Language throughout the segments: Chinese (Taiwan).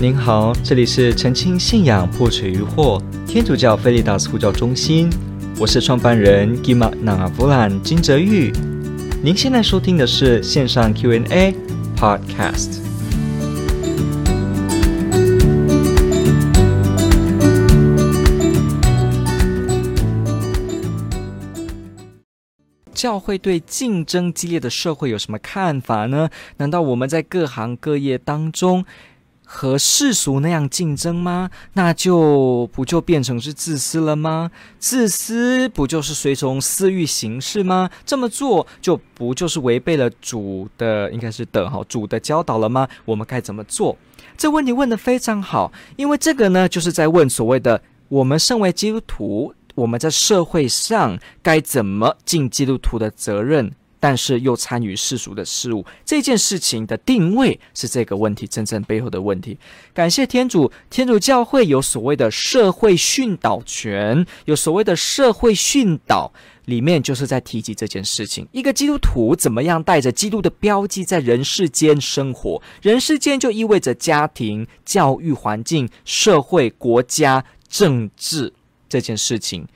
您好，這裡是澄清信仰破除疑惑天主教菲利達斯呼叫中心，我是創辦人 Kimat Nangavulan 金哲昱。您現在收聽的是線上 Q&A podcast。教會對競爭激烈的社會有什麼看法呢？難道我們在各行各業當中？和世俗那樣競爭嗎？那就不就變成是自私了嗎？自私不就是隨從私慾行事嗎？這麼做就不就是違背了主的？應該是等好，主的教導了嗎？我們該怎麼做？這問題問得非常好，因為這個呢，就是在問所謂的我們身為基督徒，我們在社會上該怎麼盡基督徒的責任。但是又參與世俗的事物，這件事情的定位是這個問題，真正背後的問題。感謝天主，天主教會有所謂的社會訓導權，有所謂的社會訓導，裡面就是在提及這件事情：一個基督徒怎麼樣帶着基督的標記在人世間生活？人世間就意味着家庭、教育環境、社會、國家、政治這件事情。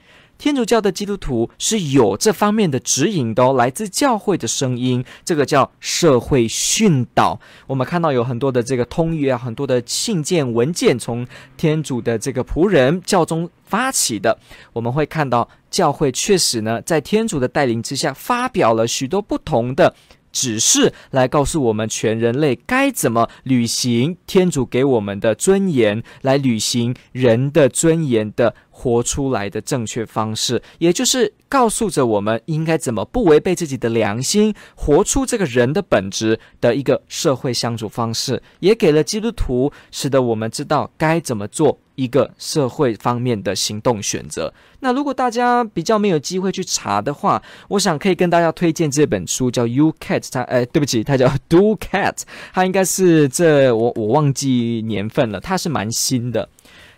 天主教的基督徒是有這方面的指引的哦，來自教會的聲音，這個叫社會訓導。我們看到有很多的這個通諭啊，很多的信件文件，從天主的這個僕人教宗發起的。我們會看到，教會確實呢，在天主的帶領之下，發表了許多不同的指示，來告訴我們全人類該怎麼履行天主給我們的尊嚴，來履行人的尊嚴的。活出來的正確方式，也就是告訴着我們應該怎麼不違背自己的良心，活出這個人的本質的一個社會相處方式，也給了基督徒，使得我們知道該怎麼做一個社會方面的行動選擇。那如果大家比較沒有機會去查的話，我想可以跟大家推薦這本書，叫《You Cat》，它呃，對不起，它叫《Do Cat》，它應該是這，我我忘記年份了，它是蠻新的。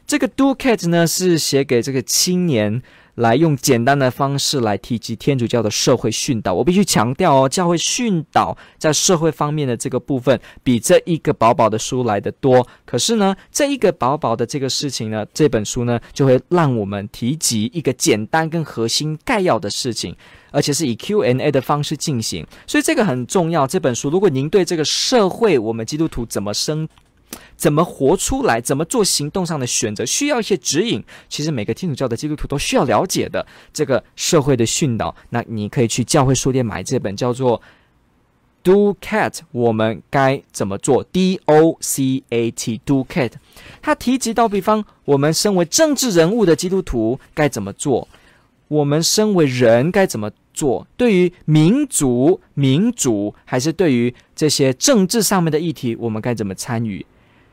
這個《DOCAT》呢，是寫給這個青年來用簡單的方式來提及天主教的社會訓導。我必須強調哦，教會訓導在社會方面的這個部分，比這一個薄薄的書來得多。可是呢，這一個薄薄的這個事情呢，這本書呢，就會讓我們提及一個簡單跟核心概要的事情，而且是以 Q&A 的方式進行。所以這個很重要。這本書，如果您對這個社會，我們基督徒怎麼生？怎麼活出來？怎麼做行動上的選擇？需要一些指引。其實每個天主教的基督徒都需要了解的這個社會的訓導。那你可以去教會書店買這本叫做《Do Cat》，我們該怎麼做？D O C A T Do Cat。它提及到，比方我們身為政治人物的基督徒該怎麼做？我們身為人該怎麼做？對於民族、民主還是對於這些政治上面的議題，我們該怎麼參與？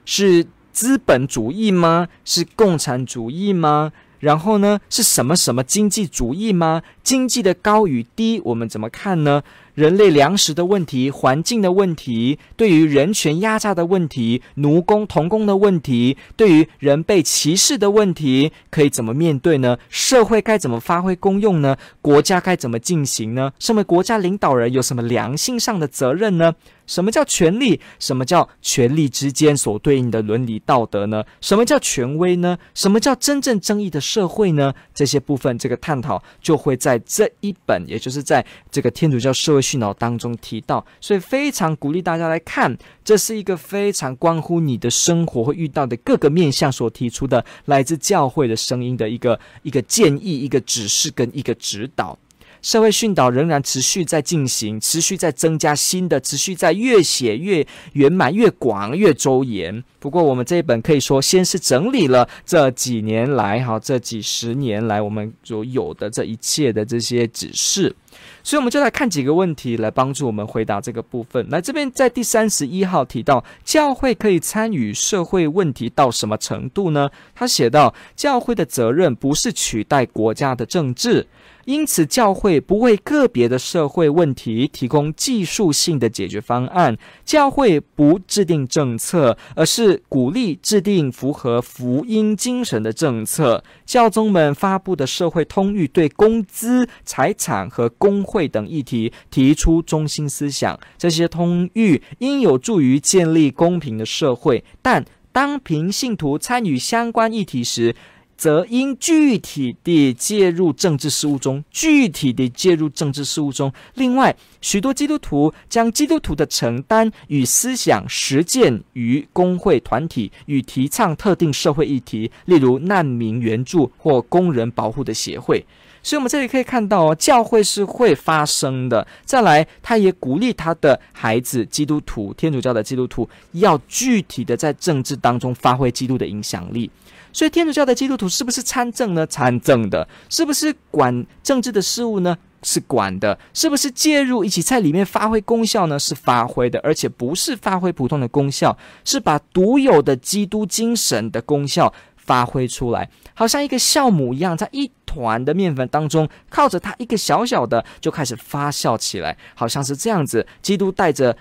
是資本主義嗎？是共產主義嗎？然後呢，是什麼什麼經濟主義嗎？經濟的高與低，我們怎麼看呢？人類糧食的問題、環境的問題、對於人權壓榨的問題、奴工童工的問題、對於人被歧視的問題，可以怎麼面對呢？社會該怎麼發揮功用呢？國家該怎麼進行呢？身為國家領導人，有什麼良心上的責任呢？什麼叫權力？什麼叫權力之間所對應的倫理道德呢？什麼叫權威呢？什麼叫真正正義的社會呢？這些部分，這個探討就會在這一本，也就是在這個天主教社會訓導當中提到。所以，非常鼓勵大家來看，這是一個非常關乎你的生活會遇到的各個面向所提出的來自教會的聲音的一個一個建議、一個指示跟一個指導。社會訓導仍然持續在進行，持續在增加新的，持續在越寫越圓滿、越廣越周延。不過，我們這一本可以說，先是整理了這幾年來，好，這幾十年來，我們所有的這一切的這些指示。所以，我們就來看幾個問題，來幫助我們回答這個部分。來，這邊在第三十一號提到，教會可以參與社會問題到什麼程度呢？他寫到，教會的責任不是取代國家的政治。因此，教會不為個別的社會問題提供技術性的解決方案。教會不制定政策，而是鼓勵制定符合福音精神的政策。教宗們發佈的社會通諭對工資、財產和工會等議題提出中心思想。這些通諭應有助於建立公平的社會。但當平信徒參與相關議題時，則應具體地介入政治事務中，具體地介入政治事務中。另外，許多基督徒將基督徒的承擔與思想實踐於工會團體，與提倡特定社會議題，例如難民援助或工人保護的協會。所以我們這裡可以看到哦，教會是會發生的。再來，他也鼓勵他的孩子基督徒、天主教的基督徒，要具體的在政治當中發揮基督的影響力。所以，天主教的基督徒是不是參政呢？參政的。是不是管政治的事務呢？是管的。是不是介入一起在裡面發揮功效呢？是發揮的，而且不是發揮普通的功效，是把獨有的基督精神的功效。發揮出來，好像一個酵母一樣，在一團的麵粉當中，靠着它一個小小的就開始發酵起來，好像是這樣子。基督帶着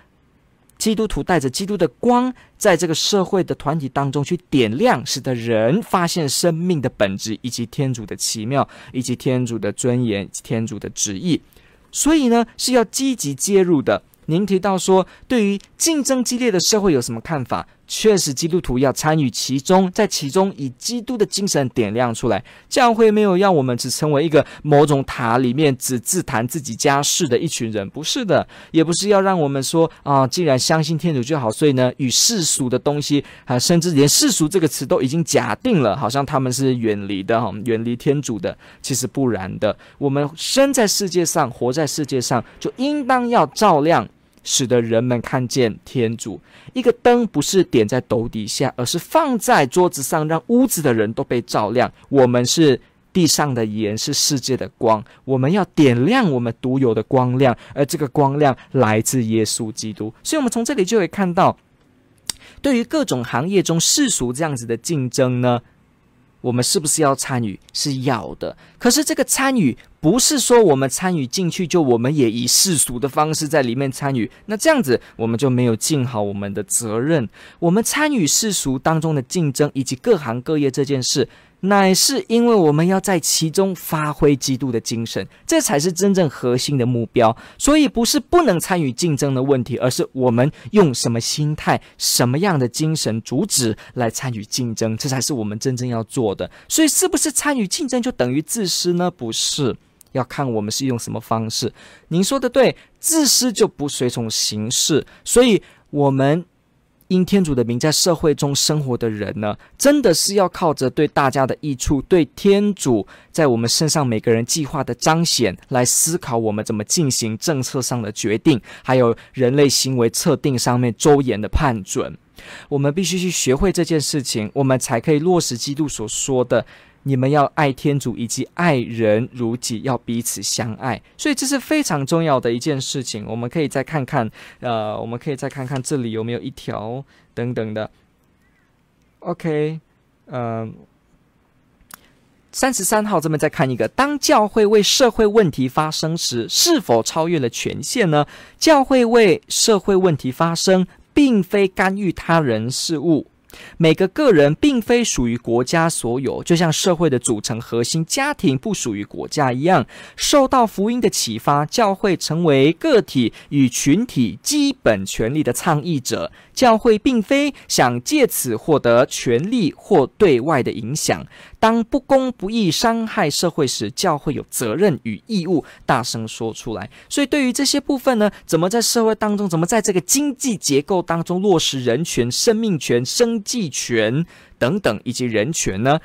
基督徒帶着基督的光，在這個社會的團體當中去點亮，使得人發現生命的本質，以及天主的奇妙，以及天主的尊嚴，以及天主的旨意。所以呢，是要積極介入的。您提到說，對於競爭激烈的社會有什麼看法？確實，基督徒要參與其中，在其中以基督的精神點亮出來。教會沒有讓我們只成為一個某種塔裡面只自談自己家事的一群人，不是的，也不是要讓我們說啊，既然相信天主就好，所以呢，與世俗的東西啊，甚至連世俗這個詞都已經假定了，好像他們是遠離的，哦，遠離天主的，其實不然的。我們生在世界上，活在世界上，就應當要照亮。使得人們看見天主，一個燈不是點在斗底下，而是放在桌子上，讓屋子的人都被照亮。我們是地上的鹽，是世界的光。我們要點亮我們獨有的光亮，而這個光亮來自耶穌基督。所以，我們從這裡就會看到，對於各種行業中世俗這樣子的競爭呢。我們是不是要參與？是要的。可是這個參與不是說我們參與進去，就我們也以世俗的方式在裡面參與，那這樣子我們就沒有盡好我們的責任。我們參與世俗當中的競爭以及各行各業這件事，乃是因為我們要在其中發揮基督的精神，這才是真正核心的目標。所以不是不能參與競爭的問題，而是我們用什麼心態、什麼樣的精神主旨來參與競爭，這才是我們真正要做的。所以是不是參與競爭就等於自私呢？不是，要看我們是用什麼方式。您說的對，自私就不隨從行事。所以我們。因天主的名在社會中生活的人呢，真的是要靠着對大家的益處、對天主在我們身上每個人計劃的彰顯來思考我們怎麼進行政策上的決定，還有人類行為測定上面周延的判準。我們必須去學會這件事情，我們才可以落實基督所說的。你們要愛天主以及愛人如己，要彼此相愛，所以這是非常重要的一件事情。我們可以再看看，呃，我們可以再看看這裡有沒有一條等等的。OK，嗯、呃，三十三號這邊再看一個：當教會為社會問題發生時，是否超越了權限呢？教會為社會問題發生，並非干預他人事務。每個個人並非屬於國家所有，就像社會的組成核心家庭不屬於國家一樣。受到福音的啟發，教會成為個體與群體基本權利的倡議者。教會並非想借此獲得權力或對外的影響。當不公不義傷害社會時，教會有責任與義務大聲說出來。所以，對於這些部分呢，怎麼在社會當中，怎麼在這個經濟結構當中落實人權、生命權、生計權等等，以及人權呢？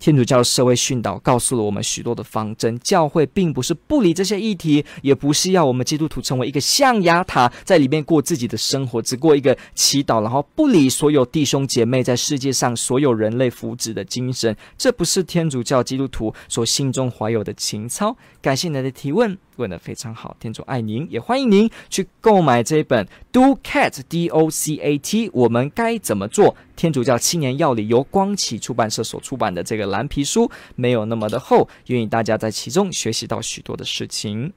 天主教的社會訓導告訴了我們許多的方針。教會並不是不理這些議題，也不是要我們基督徒成為一個象牙塔，在裡面過自己的生活，只過一個祈禱，然後不理所有弟兄姐妹在世界上所有人類福祉的精神。這不是天主教基督徒所心中懷有的情操。感謝您的提問，問得非常好。天主愛您，也歡迎您去購買這一本 Do Cat D-O-C-A-T，我們該怎麼做？天主教青年要理，由光啟出版社所出版的這個藍皮書，沒有那麼的厚，願意大家在其中學習到許多的事情。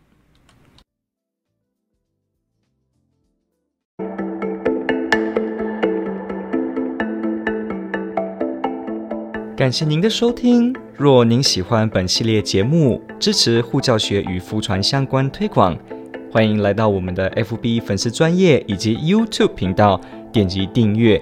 感謝您的收聽。若您喜歡本系列節目，支持護教學與福傳相關推廣，歡迎來到我們的 FB 粉絲專頁以及 YouTube 頻道，點擊訂閱。